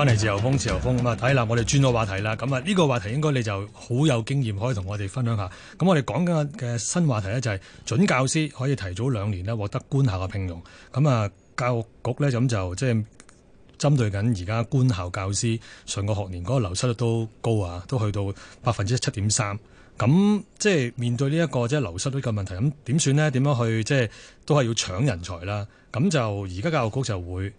翻嚟自由風，自由風咁啊，睇啦，我哋轉個話題啦。咁啊，呢個話題應該你就好有經驗，可以同我哋分享下。咁我哋講緊嘅新話題呢，就係準教師可以提早兩年呢獲得官校嘅聘用。咁啊，教育局呢，咁就即係針對緊而家官校教師上個學年嗰個流失率都高啊，都去到百分之七點三。咁即係面對呢一個即係流失率嘅問題，咁點算呢？點樣去即係、就是、都係要搶人才啦。咁就而家教育局就會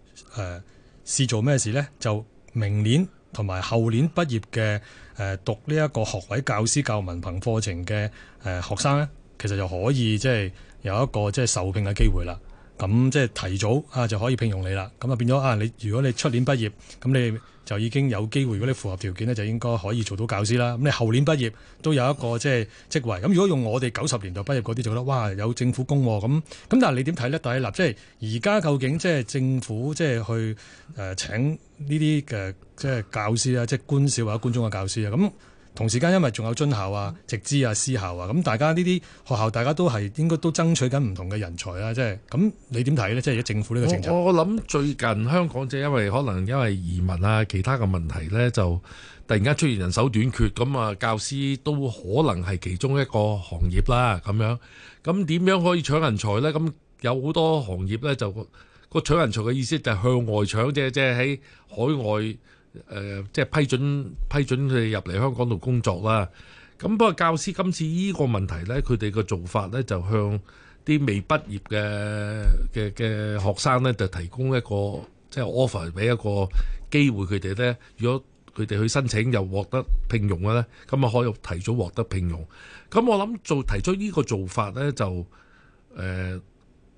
試、呃、做咩事呢？就明年同埋後年畢業嘅誒讀呢一個學位教師教育文憑課程嘅誒學生咧，其實就可以即係有一個即係受聘嘅機會啦。咁即係提早啊，就可以聘用你啦。咁啊變咗啊，你如果你出年畢業，咁你就已經有機會。如果你符合條件呢，就應該可以做到教師啦。咁你後年畢業都有一個即係職位。咁如果用我哋九十年代畢業嗰啲，就覺得哇有政府工喎，啊。咁咁但係你點睇呢？第一立，即係而家究竟即係政府即係去誒、呃、請呢啲嘅即係教師啊，即、就、係、是、官小或者官中嘅教師啊？咁同時間因為仲有津校啊、直資啊、私校啊，咁大家呢啲學校大家都係應該都爭取緊唔同嘅人才啦，即係咁你點睇呢？即係而家政府呢個政策？我諗最近香港即係因為可能因為移民啊、其他嘅問題呢，就突然間出現人手短缺，咁啊教師都可能係其中一個行業啦，咁樣咁點樣可以搶人才呢？咁有好多行業呢，就個搶人才嘅意思就係向外搶，即係即係喺海外。誒，即係、呃就是、批准批准佢哋入嚟香港度工作啦。咁不過教師今次呢個問題呢，佢哋個做法呢，就向啲未畢業嘅嘅嘅學生呢，就提供一個即係、就是、offer 俾一個機會佢哋呢，如果佢哋去申請又獲得聘用嘅呢，咁啊可以提早獲得聘用。咁我諗做提出呢個做法呢，就誒、呃、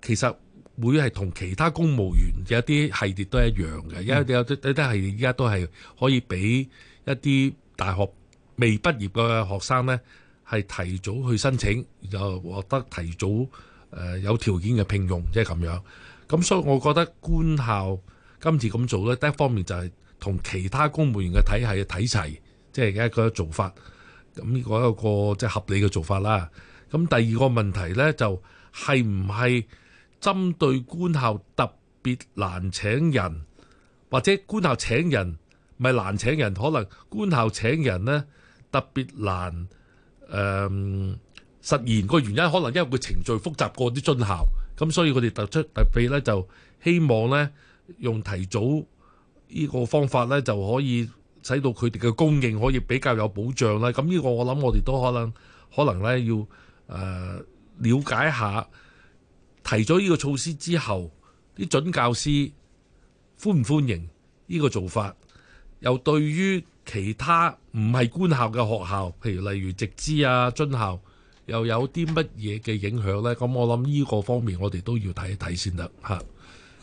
其實。會係同其他公務員有啲系列都一樣嘅，因為有啲系列，而家都係可以俾一啲大學未畢業嘅學生呢，係提早去申請，就獲得提早誒有條件嘅聘用，即係咁樣。咁所以我覺得官校今次咁做呢，第一方面就係同其他公務員嘅體系睇齊，即係而家嗰個做法，咁呢個一個即係合理嘅做法啦。咁第二個問題呢，就係唔係？針對官校特別難請人，或者官校請人唔係難請人，可能官校請人呢特別難誒、呃、實現。個原因可能因為佢程序複雜過啲津校，咁所以佢哋突出特別呢就希望呢用提早呢個方法呢就可以使到佢哋嘅供應可以比較有保障啦。咁呢個我諗我哋都可能可能呢要誒瞭、呃、解下。提咗呢個措施之後，啲準教師歡唔歡迎呢個做法？又對於其他唔係官校嘅學校，譬如例如直資啊、津校，又有啲乜嘢嘅影響呢？咁我諗呢個方面，我哋都要睇一睇先啦。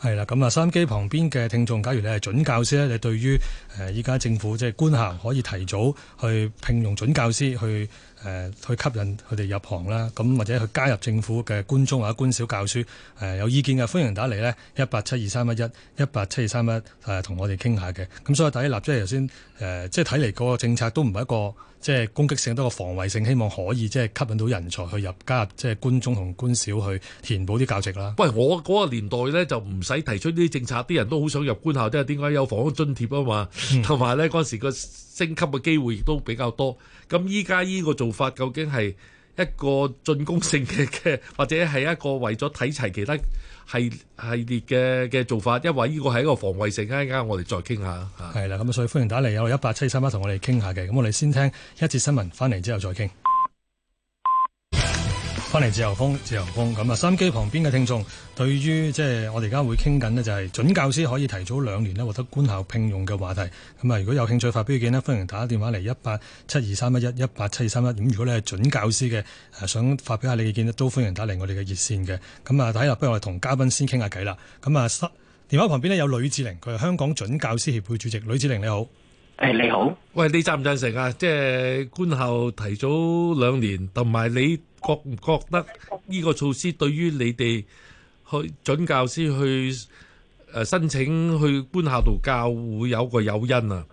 係啦，咁啊，收音機旁邊嘅聽眾，假如你係準教師咧，你對於誒依家政府即係、就是、官校可以提早去聘用準教師去？誒去吸引佢哋入行啦，咁或者去加入政府嘅官中或者官小教書，誒有意見嘅歡迎打嚟呢一八七二三一一，一八七二三一誒同我哋傾下嘅。咁所以第一立即頭先誒，即係睇嚟嗰個政策都唔係一個即係攻擊性，都個防衛性，希望可以即係吸引到人才去入加入即係官中同官小去填補啲教席啦。喂，我嗰個年代咧就唔使提出呢啲政策，啲人都好想入官校，即係點解有房屋津貼啊嘛，同埋咧嗰陣時個升級嘅機會亦都比較多，咁依家呢個做法究竟係一個進攻性嘅嘅，或者係一個為咗睇齊其他係系列嘅嘅做法，因為呢個係一個防衛性？一陣間我哋再傾下。係啦，咁所以歡迎打嚟，有個一八七三一同我哋傾下嘅。咁我哋先聽一節新聞，翻嚟之後再傾。翻嚟自由風，自由風咁啊，收音機旁邊嘅聽眾，對於即係我哋而家會傾緊呢，就係準教師可以提早兩年呢獲得官校聘用嘅話題。咁啊，如果有興趣發表意見呢，歡迎打電話嚟一八七二三一一一八七二三一。咁如果你係準教師嘅，想發表下你嘅意見咧，都歡迎打嚟我哋嘅熱線嘅。咁啊，睇下不如我哋同嘉賓先傾下偈啦。咁啊，電話旁邊呢，有呂志凌，佢係香港準教師協會主席。呂志凌你好，誒你好，喂，你贊唔贊成啊？即係官校提早兩年，同埋你。覺唔覺得呢個措施對於你哋去準教師去誒申請去官校度教會有個誘因啊？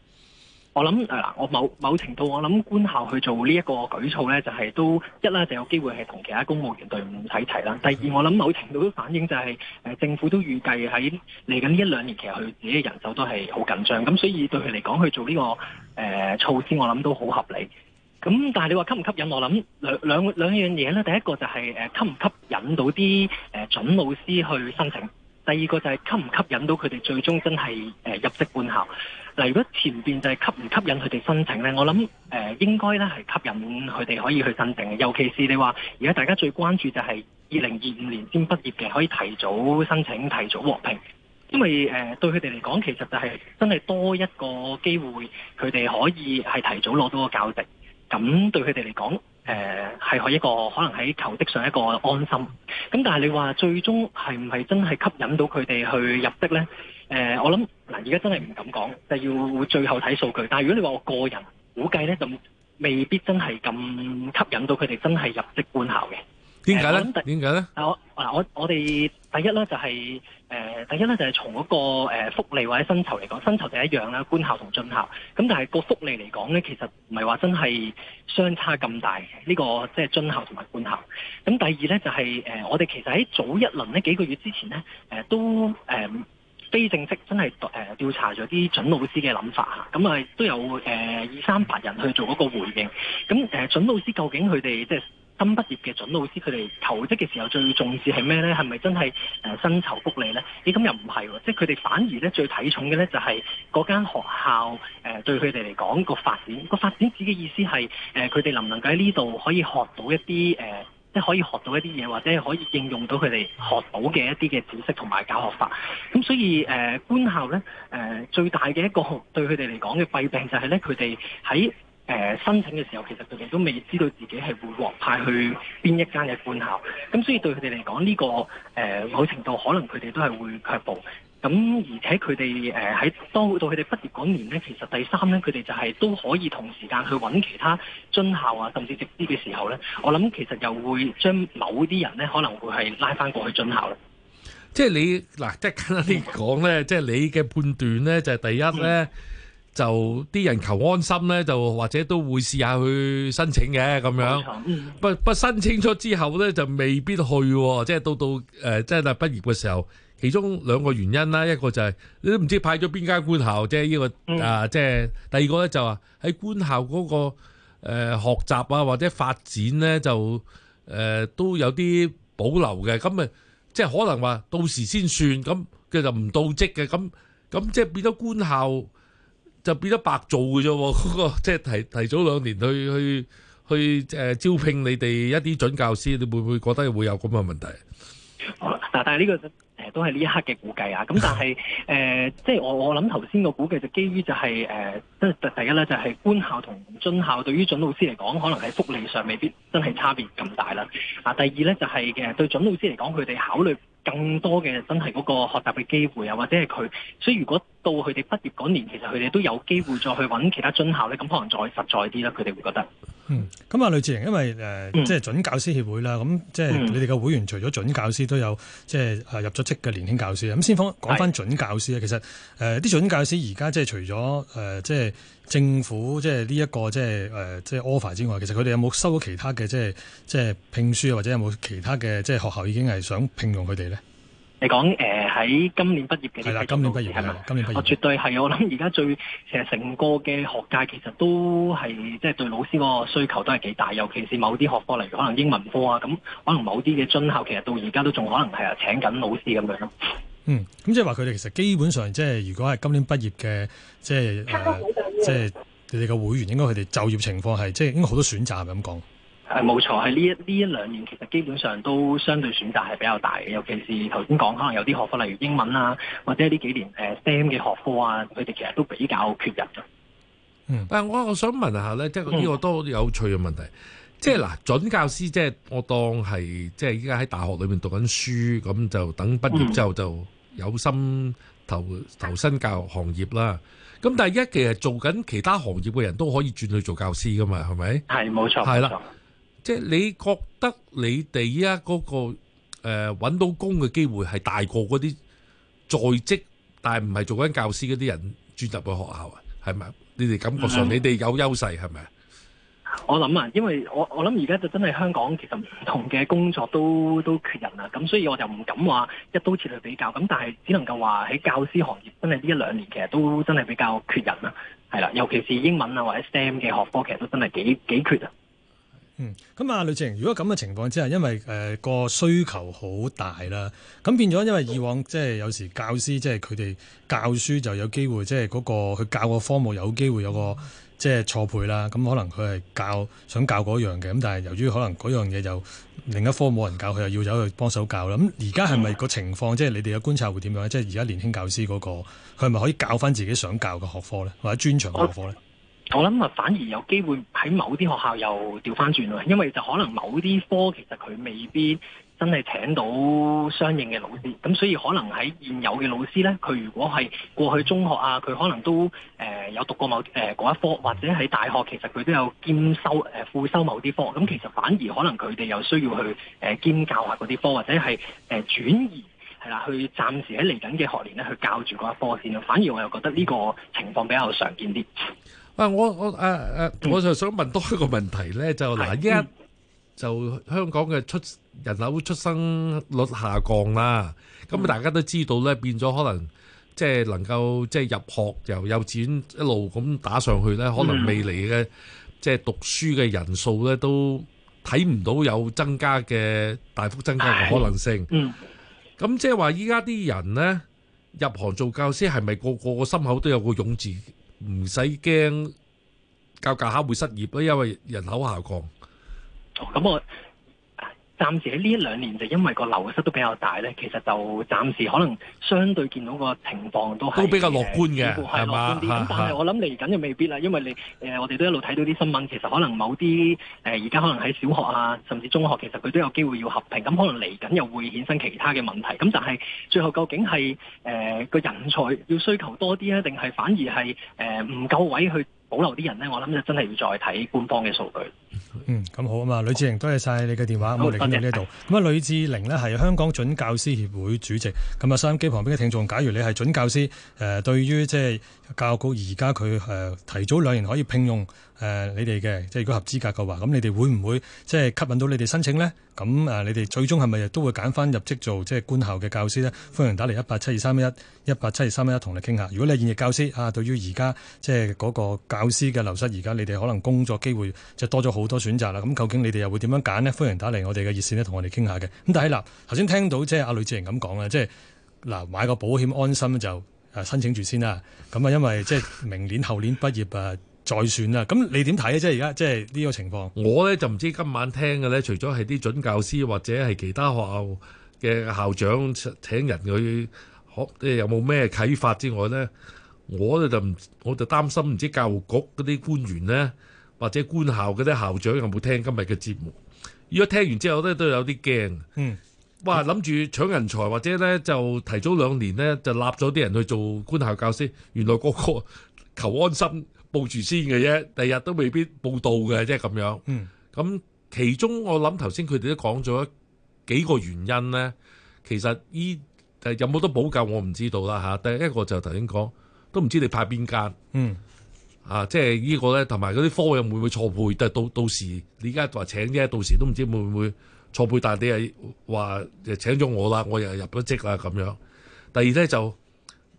我諗誒嗱我某某程度我諗官校去做呢一個舉措咧，就係、是、都一啦，就有機會係同其他公務員隊伍睇齊啦。第二，我諗某程度都反映就係、是、誒、呃、政府都預計喺嚟緊呢一兩年，其實佢自己人手都係好緊張，咁所以對佢嚟講去做呢、這個誒、呃、措施，我諗都好合理。咁但係你話吸唔吸引，我諗兩兩兩樣嘢咧。第一個就係誒吸唔吸引到啲誒準老師去申請。第二個就係吸唔吸引到佢哋最終真係誒入職官校。嗱，如果前邊就係吸唔吸引佢哋申請咧，我諗誒應該咧係吸引佢哋可以去申請。尤其是你話而家大家最關注就係二零二五年先畢業嘅可以提早申請提早獲聘，因為誒對佢哋嚟講，其實就係真係多一個機會，佢哋可以係提早攞到個教職。咁對佢哋嚟講，誒、呃、係一個可能喺求職上一個安心。咁但係你話最終係唔係真係吸引到佢哋去入職呢？誒、呃，我諗嗱，而家真係唔敢講，就是、要最後睇數據。但係如果你話我個人估計呢就未必真係咁吸引到佢哋真係入職官校嘅。點解咧？點解咧？我嗱我我哋第一咧就係、是、誒、呃、第一咧就係從嗰個誒福利或者薪酬嚟講，薪酬就一樣啦，官校同津校。咁但係個福利嚟講咧，其實唔係話真係相差咁大嘅呢、這個即係津校同埋官校。咁第二咧就係、是、誒、呃、我哋其實喺早一輪呢幾個月之前咧誒、呃、都誒、呃、非正式真係誒調查咗啲準老師嘅諗法吓，咁、嗯、啊都有誒二三百人去做嗰個回應。咁、嗯、誒準老師究竟佢哋即係？新畢業嘅準老師，佢哋求職嘅時候最重視係咩呢？係咪真係薪酬福利呢？咦、哎，咁又唔係喎，即係佢哋反而咧最睇重嘅呢，就係嗰間學校誒、呃、對佢哋嚟講個發展。個發展指嘅意思係誒佢哋能唔能夠喺呢度可以學到一啲誒，即、呃、係可以學到一啲嘢，或者係可以應用到佢哋學到嘅一啲嘅知識同埋教學法。咁所以誒、呃、官校呢誒、呃、最大嘅一個對佢哋嚟講嘅弊病就係呢，佢哋喺，誒、呃、申請嘅時候，其實佢哋都未知道自己係會獲派去邊一間嘅官校，咁所以對佢哋嚟講，呢、這個誒、呃、某程度可能佢哋都係會卻步。咁而且佢哋誒喺當到佢哋畢業嗰年呢，其實第三呢，佢哋就係都可以同時間去揾其他津校啊，甚至直資嘅時候呢。我諗其實又會將某啲人呢可能會係拉翻過去津校咧。即係你嗱，即係簡單啲講呢，即係、嗯、你嘅判斷呢，就係、是、第一呢。嗯就啲人求安心咧，就或者都會試下去申請嘅咁樣。嗯、不不申請咗之後咧，就未必去、哦，即、就、係、是、到到誒，即係畢業嘅時候，其中兩個原因啦，一個就係、是、你都唔知派咗邊間官校，即係呢個、嗯、啊，即、就、係、是、第二個咧就話、是、喺官校嗰、那個誒、呃、學習啊或者發展咧就誒、呃、都有啲保留嘅，咁啊即係可能話到時先算，咁佢就唔到職嘅，咁咁即係變咗官校。就變得白做嘅啫喎，即係提提早兩年去去去誒招聘你哋一啲準教師，你會唔會覺得會有咁嘅問題？嗱、這個呃，但係呢個誒都係呢一刻嘅估計啊。咁但係誒，即係我我諗頭先個估計就基於就係、是、誒，即、呃、係第一咧就係官校同津校對於準老師嚟講，可能喺福利上未必真係差別咁大啦。嗱，第二咧就係嘅對準老師嚟講，佢哋考慮更多嘅真係嗰個學習嘅機會啊，或者係佢，所以如果。到佢哋畢業嗰年，其實佢哋都有機會再去揾其他津校咧，咁可能再實在啲啦，佢哋會覺得。嗯、咁、呃、啊，呂志凌，因為誒，即係準教師協會啦，咁、嗯、即係你哋嘅會員，除咗準教師都有，即係誒入咗職嘅年輕教師。咁先講講翻準教師啊，的其實誒，啲、呃、準教師而家即係除咗誒、呃，即係政府即係呢一個即係誒，即係、呃、offer 之外，其實佢哋有冇收到其他嘅即係即係聘書或者有冇其他嘅即係學校已經係想聘用佢哋咧？你講誒喺今年畢業嘅係啦，今年畢業係嘛？吧今年畢業嘅我絕對係我諗而家最其實成個嘅學界其實都係即係對老師嗰個需求都係幾大，尤其是某啲學科，例如可能英文科啊，咁可能某啲嘅津校，其實到而家都仲可能係啊請緊老師咁樣咯。嗯，咁即係話佢哋其實基本上即係如果係今年畢業嘅，即係、呃、即係你哋嘅會員應該佢哋就業情況係即係應該好多選擇係咪咁講。係冇錯，喺呢一呢一兩年，其實基本上都相對選擇係比較大嘅，尤其是頭先講，可能有啲學科，例如英文啊，或者呢幾年誒 STEM 嘅學科啊，佢哋其實都比較缺人嘅。嗯，誒、呃，我我想問下咧，即係呢個都好有趣嘅問題，嗯、即係嗱，準教師即係我當係即係依家喺大學裏面讀緊書，咁就等畢業之後、嗯、就有心投投身教育行業啦。咁但係而家其實做緊其他行業嘅人都可以轉去做教師㗎嘛，係咪？係冇錯，係啦。即係你覺得你哋依家嗰個誒揾到工嘅機會係大過嗰啲在職但係唔係做緊教師嗰啲人轉入去學校啊？係咪？你哋感覺上你哋有優勢係咪啊？我諗啊，因為我我諗而家就真係香港其實唔同嘅工作都都缺人啊，咁所以我就唔敢話一刀切去比較。咁但係只能夠話喺教師行業真係呢一兩年其實都真係比較缺人啊，係啦，尤其是英文啊或者 STEM 嘅學科，其實都真係幾幾缺啊。嗯，咁、嗯、啊，呂志、呃、凌、呃，如果咁嘅情況之下，因為誒個、呃、需求好大啦，咁變咗，因為以往即係有時教師即係佢哋教書就有機會，即係嗰、嗰個佢教個科目有機會有個即係錯配啦，咁可能佢係教想教嗰樣嘅，咁但係由於可能嗰樣嘢就另一科冇人教，佢又要走去幫手教啦。咁而家係咪個情況、嗯、即係你哋嘅觀察會點樣？即係而家年輕教師嗰、嗰個，佢係咪可以教翻自己想教嘅學科咧，或者專長嘅學科咧？我諗啊，反而有機會喺某啲學校又調翻轉咯，因為就可能某啲科其實佢未必真係請到相應嘅老師，咁所以可能喺現有嘅老師呢，佢如果係過去中學啊，佢可能都誒有讀過某誒嗰、呃、一科，或者喺大學其實佢都有兼修、誒副修某啲科，咁其實反而可能佢哋又需要去誒兼教下嗰啲科，或者係誒轉移係啦，去暫時喺嚟緊嘅學年呢去教住嗰一科先咯。反而我又覺得呢個情況比較常見啲。啊，啊！我我我就想問多一個問題咧，嗯、就嗱一就香港嘅出人口出生率下降啦。咁、嗯、大家都知道咧，變咗可能即係能夠即係入學由幼稚園一路咁打上去咧，嗯、可能未嚟嘅即係讀書嘅人數咧都睇唔到有增加嘅大幅增加嘅可能性。嗯。咁即係話，依家啲人咧入行做教師，係咪個個個心口都有個勇字？唔使驚教教客會失業咯，因為人口下降。咁、哦、我。暫時喺呢一兩年就因為個流失都比較大咧，其實就暫時可能相對見到個情況都係都比較樂觀嘅，係嘛？係樂觀啲。但係我諗嚟緊就未必啦，因為你誒、呃、我哋都一路睇到啲新聞，其實可能某啲誒而家可能喺小學啊，甚至中學，其實佢都有機會要合併，咁可能嚟緊又會衍生其他嘅問題。咁但係最後究竟係誒個人才要需求多啲啊，定係反而係誒唔夠位去，保留啲人呢，我諗就真係要再睇官方嘅數據。嗯，咁好啊嘛，呂志凌，多謝晒你嘅電話，咁我哋嚟緊呢度。咁啊，呂志凌呢，係香港準教師協會主席。咁啊，收音機旁邊嘅聽眾，假如你係準教師，誒，對於即係。呃教育局而家佢提早兩年可以聘用誒你哋嘅，即係如果合資格嘅話，咁你哋會唔會即係吸引到你哋申請呢？咁你哋最終係咪都會揀翻入職做即係官校嘅教師呢？歡迎打嚟一八七二三一一八七二三一，同你傾下。如果你現役教師啊，對於而家即係嗰個教師嘅流失，而家你哋可能工作機會就多咗好多選擇啦。咁究竟你哋又會點樣揀呢？歡迎打嚟我哋嘅熱線呢，同我哋傾下嘅。咁但係嗱，頭先聽到即係阿呂志凌咁講啦，即係嗱，買個保險安心就。誒申請住先啦，咁啊，因為即係明年後年畢業啊，再算啦。咁 你點睇啊？即係而家即係呢個情況。我咧就唔知今晚聽嘅咧，除咗係啲準教師或者係其他學校嘅校長請人去學，誒有冇咩啟發之外咧，我咧就唔，我就擔心唔知教育局嗰啲官員咧，或者官校嗰啲校長有冇聽今日嘅節目。如果聽完之後咧，都有啲驚。嗯。哇！諗住搶人才，或者咧就提早兩年咧就立咗啲人去做官校教師，原來個個求安心報住先嘅啫，第日都未必報到嘅，即係咁樣。嗯，咁其中我諗頭先佢哋都講咗幾個原因咧，其實依有冇得補救我唔知道啦吓。啊、第一個就頭先講，都唔知你派邊間。嗯，啊，即係呢個咧，同埋嗰啲科又會唔會錯配？但到到時你而家話請啫，到時都唔知會唔會。錯配，錯輩大啲你係話請咗我啦，我又入咗職啦，咁樣。第二呢，就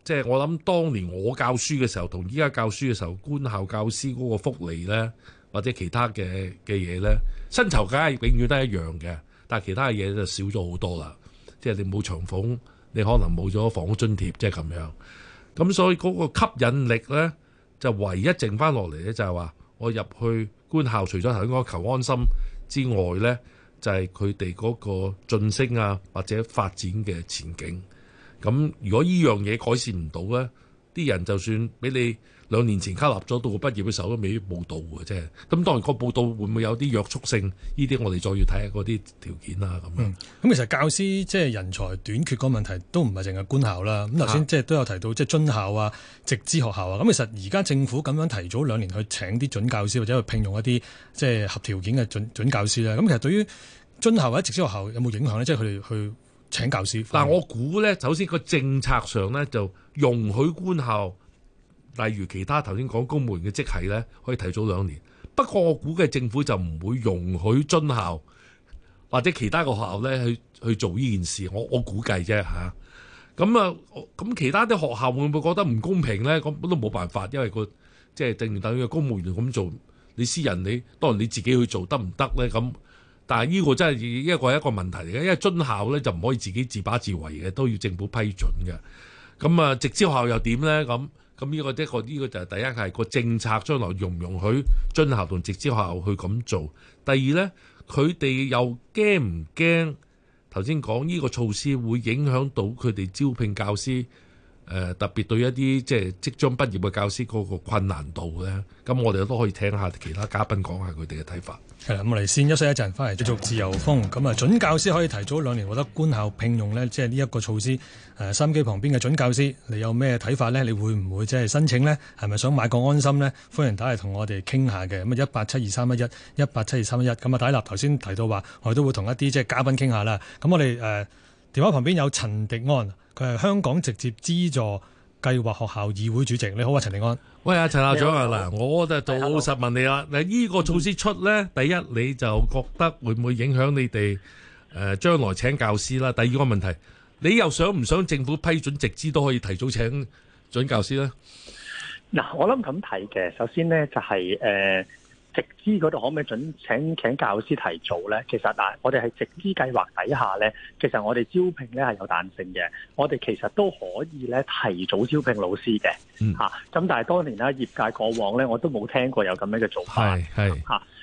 即係、就是、我諗，當年我教書嘅時候，同依家教書嘅時候，官校教師嗰個福利呢，或者其他嘅嘅嘢呢，薪酬梗係永遠都一樣嘅，但係其他嘅嘢就少咗好多啦。即係你冇長俸，你可能冇咗房屋津貼，即係咁樣。咁所以嗰個吸引力呢，就唯一剩翻落嚟呢，就係話我入去官校，除咗頭先求安心之外呢。就係佢哋嗰個晉升啊，或者發展嘅前景。咁如果呢樣嘢改善唔到呢？啲人就算俾你兩年前吸納咗，到畢業嘅時候都未必報到嘅，即係咁。當然個報到會唔會有啲約束性？呢啲我哋再要睇下嗰啲條件啦，啊。咁咁、嗯、其實教師即係人才短缺嗰個問題都唔係淨係官校啦。咁頭先即係都有提到即係津校啊、直資學校啊。咁其實而家政府咁樣提早兩年去請啲準教師或者去聘用一啲即係合條件嘅準，準教師咧。咁其實對於津校或者直資學校有冇影響呢？即係佢哋去。準教師，但我估呢，首先個政策上呢，就容許官校，例如其他頭先講公務員嘅職系呢，可以提早兩年。不過我估嘅政府就唔會容許津校或者其他個學校呢，去去做呢件事。我我估計啫嚇。咁啊，咁其他啲學校會唔會覺得唔公平呢？咁都冇辦法，因為個即係等於等於公務員咁做，你私人你當然你自己去做得唔得呢？咁。但係呢個真係一個一個問題嚟嘅，因為津校呢，就唔可以自己自把自為嘅，都要政府批准嘅。咁啊，直資校又點呢？咁咁呢個一個呢個就係第一係個政策將來容唔容許津校同直資學校去咁做。第二呢，佢哋又驚唔驚？頭先講呢個措施會影響到佢哋招聘教師。誒特別對一啲即係即將畢業嘅教師嗰個困難度咧，咁我哋都可以聽下其他嘉賓講下佢哋嘅睇法。係啦，我哋先休息一陣，翻嚟繼續自由風。咁啊，準教師可以提早兩年獲得官校聘用呢，即係呢一個措施。誒，心機旁邊嘅準教師，你有咩睇法呢？你會唔會即係申請呢？係咪想買個安心呢？歡迎打嚟同我哋傾下嘅。咁啊，一八七二三一一一八七二三一一。咁啊，戴立頭先提到話，我哋都會同一啲即係嘉賓傾下啦。咁我哋誒。電話旁邊有陳迪安，佢係香港直接資助計劃學校議會主席。你好啊，陳迪安。喂，阿陳校長啊，嗱好，了我就老實問你啦。嗱好，呢個措施出咧，第一你就覺得會唔會影響你哋誒將來請教師啦？第二個問題，你又想唔想政府批准直資都可以提早請準教師咧？嗱，我諗咁睇嘅，首先咧就係、是、誒。呃直資嗰度可唔可以請教師提早咧？其實我哋喺直資計劃底下咧，其實我哋招聘咧係有彈性嘅，我哋其實都可以咧提早招聘老師嘅，吓咁、嗯啊、但係當年啦，業界過往咧我都冇聽過有咁樣嘅做法，係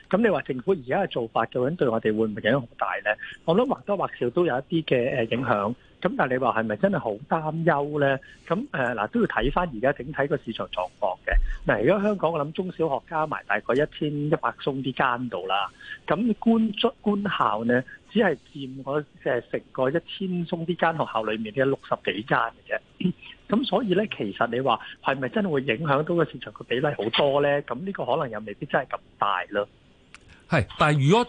咁、啊、你話政府而家嘅做法究竟對我哋會唔會影響好大咧？我諗或多或少都有一啲嘅誒影響。咁但係你話係咪真係好擔憂呢？咁誒嗱都要睇翻而家整體個市場狀況嘅。嗱而家香港我諗中小學加埋大概一千一百宗啲間度啦。咁官卒官校呢，只係佔嗰即係成個一千宗啲間學校裏面嘅六十幾間嘅啫。咁所以呢，其實你話係咪真係會影響到個市場個比例好多呢？咁呢個可能又未必真係咁大咯。係，但係如果。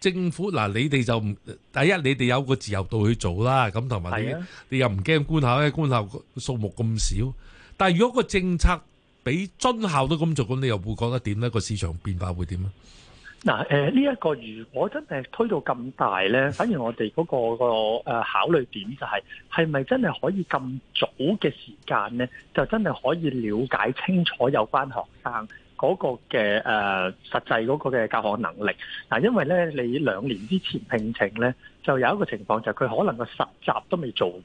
政府嗱，你哋就唔第一，你哋有個自由度去做啦。咁同埋你，你又唔驚官校咧？官校數目咁少，但係如果個政策俾津校都咁做，咁你又會覺得點咧？個市場變化會點咧？嗱，誒，呢一個如果真係推到咁大咧，反而我哋嗰個個誒考慮點就係，係咪真係可以咁早嘅時間咧，就真係可以了解清楚有關學生？嗰個嘅誒、呃、實際嗰個嘅教學能力，嗱、啊，因為咧你兩年之前聘請咧，就有一個情況就係佢可能個實習都未做完。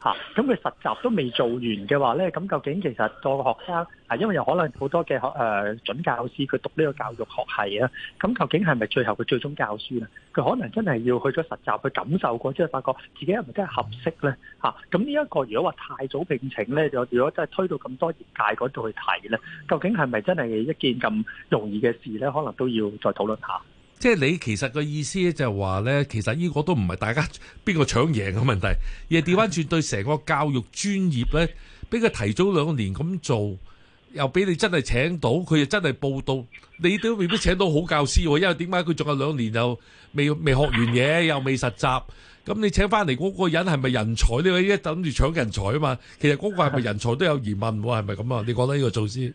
吓，咁佢、啊、實習都未做完嘅話咧，咁究竟其實個學生，啊，因為有可能好多嘅、呃、準教師佢讀呢個教育學系啊，咁究竟係咪最後佢最終教書呢？佢可能真係要去咗實習，去感受過之後，發覺自己係咪真係合適咧？咁呢一個如果話太早聘請咧，就如果真係推到咁多業界嗰度去睇咧，究竟係咪真係一件咁容易嘅事咧？可能都要再討論下。即係你其實個意思咧，就係話咧，其實呢個都唔係大家邊個搶贏嘅問題，而係調翻轉對成個教育專業咧，俾佢提早兩年咁做，又俾你真係請到，佢又真係報到，你都未必請到好教師，因為點解佢仲有兩年又未未學完嘢，又未實習，咁你請翻嚟嗰個人係咪人才呢？而家等住搶人才啊嘛，其實嗰個係咪人才都有疑問，係咪咁啊？你覺得呢個做先？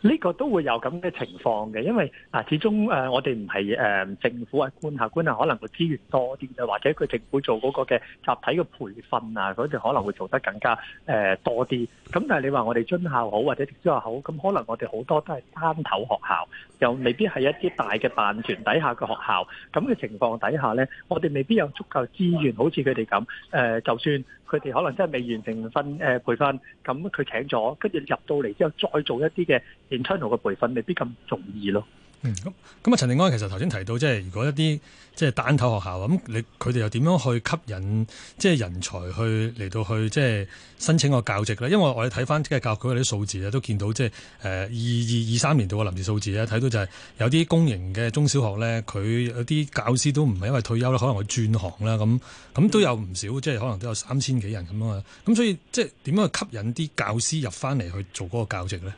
呢個都會有咁嘅情況嘅，因為嗱，始終誒我哋唔係誒政府或官校官校可能會資源多啲嘅，或者佢政府做嗰個嘅集體嘅培訓啊，佢哋可能會做得更加誒多啲。咁但係你話我哋津校好或者直資校好，咁可能我哋好多都係單頭學校。又未必係一啲大嘅辦團底下嘅學校，咁嘅情況底下呢，我哋未必有足夠資源，好似佢哋咁。誒、呃，就算佢哋可能真係未完成訓誒、呃、培訓，咁佢請咗，跟住入到嚟之後再做一啲嘅 internal 嘅培訓，未必咁容易咯。嗯，咁咁啊，陳定安其實頭先提到，即係如果一啲即係單頭學校咁，你佢哋又點樣去吸引即係人才去嚟到去即係申請個教職咧？因為我哋睇翻即係教育局嗰啲數字都見到即係誒二二二三年度嘅臨時數字咧，睇到就係有啲公營嘅中小學咧，佢有啲教師都唔係因為退休啦，可能會轉行啦，咁咁都有唔少，即係可能都有三千幾人咁樣啊。咁所以即係點樣去吸引啲教師入翻嚟去做嗰個教職咧？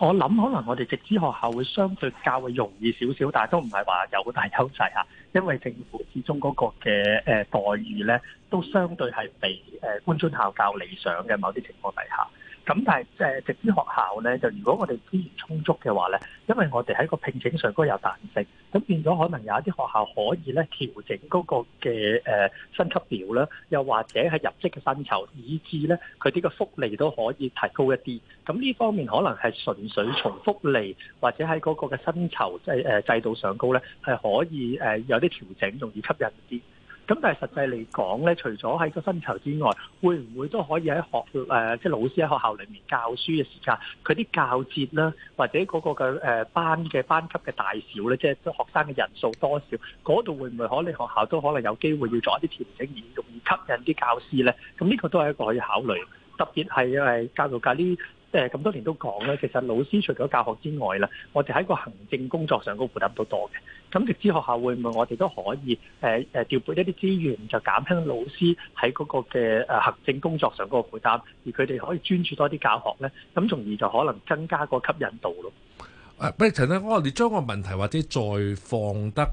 我諗可能我哋直資學校會相對較為容易少少，但都唔係話有好大優勢吓，因為政府始終嗰個嘅待遇咧，都相對係比誒官津校較理想嘅某啲情況底下。咁但係即係，直資學校咧，就如果我哋資源充足嘅話咧，因為我哋喺個聘請上高有彈性，咁變咗可能有一啲學校可以咧調整嗰個嘅誒薪級表啦，又或者係入職嘅薪酬，以致咧佢啲嘅福利都可以提高一啲。咁呢方面可能係純粹從福利或者喺嗰個嘅薪酬即係誒制度上高咧，係可以誒有啲調整，容易吸引啲。咁但係實際嚟講咧，除咗喺個薪酬之外，會唔會都可以喺學即係老師喺學校裏面教書嘅時間，佢啲教節啦或者嗰個嘅班嘅班級嘅大小咧，即係學生嘅人數多少，嗰度會唔會可能學校都可能有機會要做一啲調整，而容易吸引啲教師咧？咁呢個都係一個可以考慮，特別係因為教育界呢，誒，咁多年都講啦，其實老師除咗教學之外咧，我哋喺個行政工作上個負擔都多嘅。咁直資學校會唔會我哋都可以誒誒、呃、調配一啲資源，就減輕老師喺嗰個嘅誒、啊、行政工作上嗰個負擔，而佢哋可以專注多啲教學咧。咁從而就可能增加個吸引度咯。誒、嗯，唔係陳生，呢，你將個問題或者再放得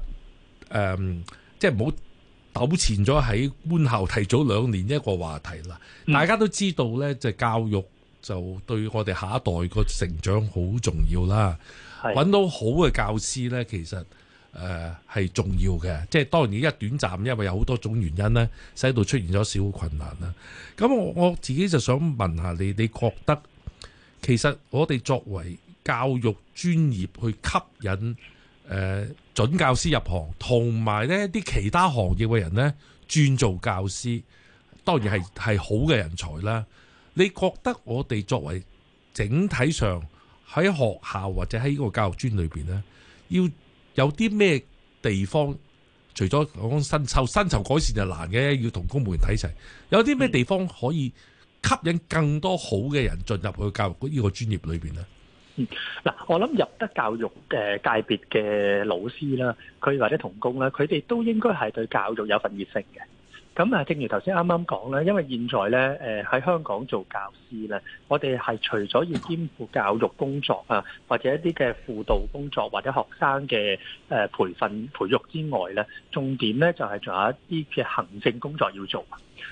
誒，即係唔好糾纏咗喺官校提早兩年一個話題啦。大家都知道咧，就係、是、教育。就對我哋下一代個成長好重要啦。揾是到好嘅教師呢，其實誒係、呃、重要嘅。即係當然而家短暫，因為有好多種原因呢，使到出現咗少少困難啦。咁我我自己就想問下你，你覺得其實我哋作為教育專業去吸引誒、呃、準教師入行，同埋呢啲其他行業嘅人呢，轉做教師，當然係係好嘅人才啦。你覺得我哋作為整體上喺學校或者喺呢個教育專裏邊呢，要有啲咩地方？除咗講薪酬，薪酬改善就難嘅，要同公務員睇齊，有啲咩地方可以吸引更多好嘅人進入去教育呢個專業裏邊呢？嗯，嗱，我諗入得教育嘅界別嘅老師啦，佢或者同工咧，佢哋都應該係對教育有份熱誠嘅。咁啊，正如頭先啱啱講啦，因為現在咧，誒喺香港做教師咧，我哋係除咗要兼顧教育工作啊，或者一啲嘅輔導工作或者學生嘅誒培訓培育之外咧，重點咧就係仲有一啲嘅行政工作要做。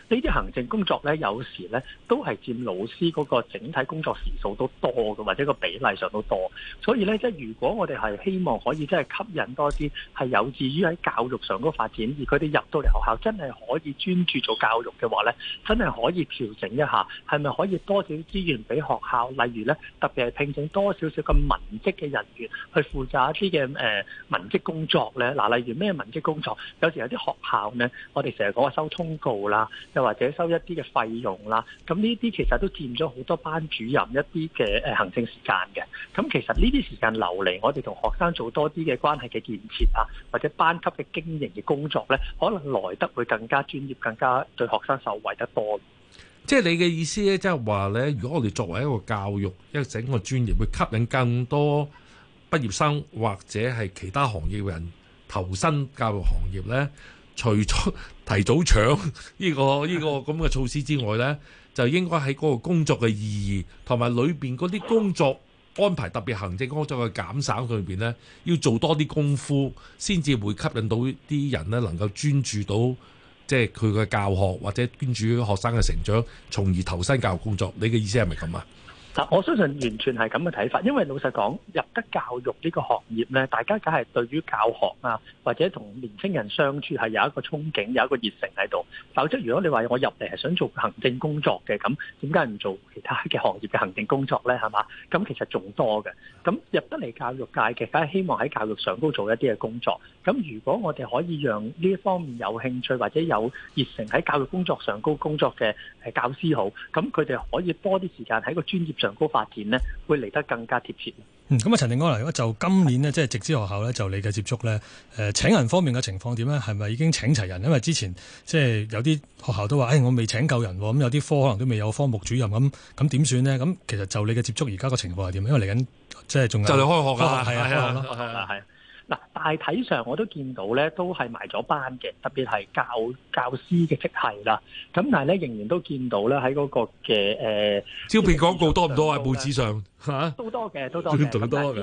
呢啲行政工作呢，有時呢都係佔老師嗰個整體工作時數都多嘅，或者個比例上都多。所以呢，即如果我哋係希望可以即係吸引多啲係有志於喺教育上嗰發展，而佢哋入到嚟學校真係可以專注做教育嘅話呢，真係可以調整一下，係咪可以多少資源俾學校？例如呢，特別係聘請多少少嘅文職嘅人員去負責一啲嘅誒文職工作呢？嗱，例如咩文職工作？有時有啲學校呢，我哋成日講話收通告啦。又或者收一啲嘅費用啦，咁呢啲其實都佔咗好多班主任一啲嘅誒行政時間嘅。咁其實呢啲時間留嚟，我哋同學生做多啲嘅關係嘅建設啊，或者班級嘅經營嘅工作咧，可能來得會更加專業，更加對學生受惠得多。即係你嘅意思咧，即係話咧，如果我哋作為一個教育一個整個專業會吸引更多畢業生或者係其他行業嘅人投身教育行業咧，除咗提早搶呢個呢個咁嘅措施之外呢，就應該喺嗰個工作嘅意義同埋裏面嗰啲工作安排，特別行政工作嘅減省裏面呢，呢要做多啲功夫，先至會吸引到啲人呢能夠專注到即係佢嘅教學或者專注於學生嘅成長，從而投身教育工作。你嘅意思係咪咁啊？嗱，我相信完全係咁嘅睇法，因為老實講入得教育呢個行業咧，大家梗係對於教學啊，或者同年輕人相處係有一個憧憬，有一個熱誠喺度。否則如果你話我入嚟係想做行政工作嘅，咁點解唔做其他嘅行業嘅行政工作咧？係嘛？咁其實仲多嘅。咁入得嚟教育界嘅，梗係希望喺教育上高做一啲嘅工作。咁如果我哋可以讓呢一方面有興趣或者有熱誠喺教育工作上高工作嘅教師好，咁佢哋可以多啲時間喺個專業。長高發展咧，會嚟得更加貼切。嗯，咁啊，陳狄安嚟啦。就今年咧，即係直資學校呢，就你嘅接觸呢，誒請人方面嘅情況點呢？係咪已經請齊人？因為之前即係有啲學校都話，誒、哎，我未請夠人，咁有啲科可能都未有科目主任，咁咁點算呢？咁其實就你嘅接觸，而家個情況係點？因為嚟緊即係仲就嚟開學，開學啊，嗱，大體上我都見到咧，都係埋咗班嘅，特別係教教師嘅職系啦。咁但係咧，仍然都見到咧喺嗰個嘅誒、呃、招聘廣告多唔多喺報紙上嚇、啊？都多嘅，都多嘅。招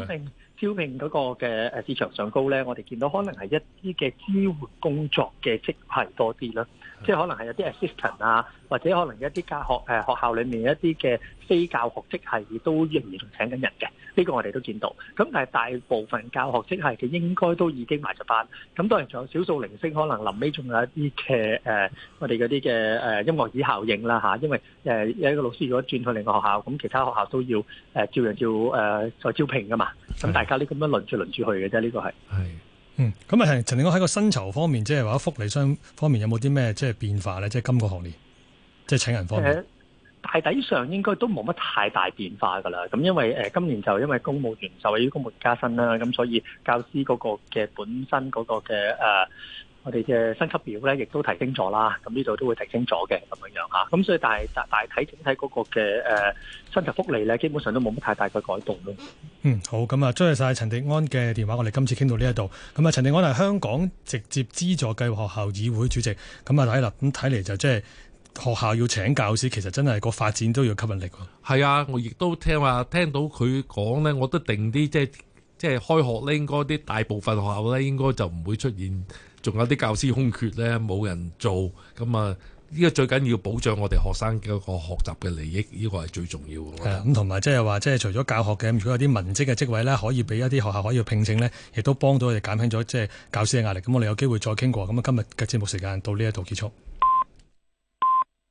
聘招聘嗰個嘅誒、呃、市場上高咧，我哋見到可能係一啲嘅支援工作嘅職系多啲啦，即係可能係有啲 assistant 啊，或者可能一啲教學誒、呃、學校裡面一啲嘅。非教學職系都仍然仲請緊人嘅，呢、這個我哋都見到。咁但係大部分教學職系嘅應該都已經埋咗班。咁當然仲有少數零星，可能臨尾仲有一啲嘅誒，我哋嗰啲嘅誒音樂椅效應啦嚇。因為誒有一個老師如果轉去另外一個學校，咁其他學校都要誒照樣照誒、呃、再招聘噶嘛。咁大家呢咁樣輪住輪住去嘅啫，呢、這個係係嗯咁啊、嗯嗯呃、陳、陳狄安，喺個薪酬方面，即係話福利商方面有冇啲咩即係變化咧？即係今個學年即係請人方面。係底上應該都冇乜太大變化㗎啦，咁因為誒今年就因為公務員就係於公務員加薪啦，咁所以教師嗰個嘅本身嗰個嘅誒、呃，我哋嘅薪級表咧，亦都提升咗啦，咁呢度都會提升咗嘅咁樣樣嚇，咁所以但係但大體整體嗰個嘅誒薪級福利咧，基本上都冇乜太大嘅改動咯。嗯，好，咁啊，多謝晒陳狄安嘅電話，我哋今次傾到呢一度，咁啊，陳狄安係香港直接資助計劃學校議會主席，咁啊睇啦，咁睇嚟就即、是、係。學校要請教師，其實真係個發展都要吸引力。係啊，我亦都聽話聽到佢講咧，我都定啲即係即係開學咧，應該啲大部分學校咧，應該就唔會出現，仲有啲教師空缺咧，冇人做。咁啊，呢個最緊要保障我哋學生嘅個學習嘅利益，呢個係最重要嘅。咁啊，同埋即係話，即係除咗教學嘅，如果有啲文職嘅職位咧，可以俾一啲學校可以聘請咧，亦都幫到我哋減輕咗即係教師嘅壓力。咁我哋有機會再傾過。咁啊，今日嘅節目時間到呢一度結束。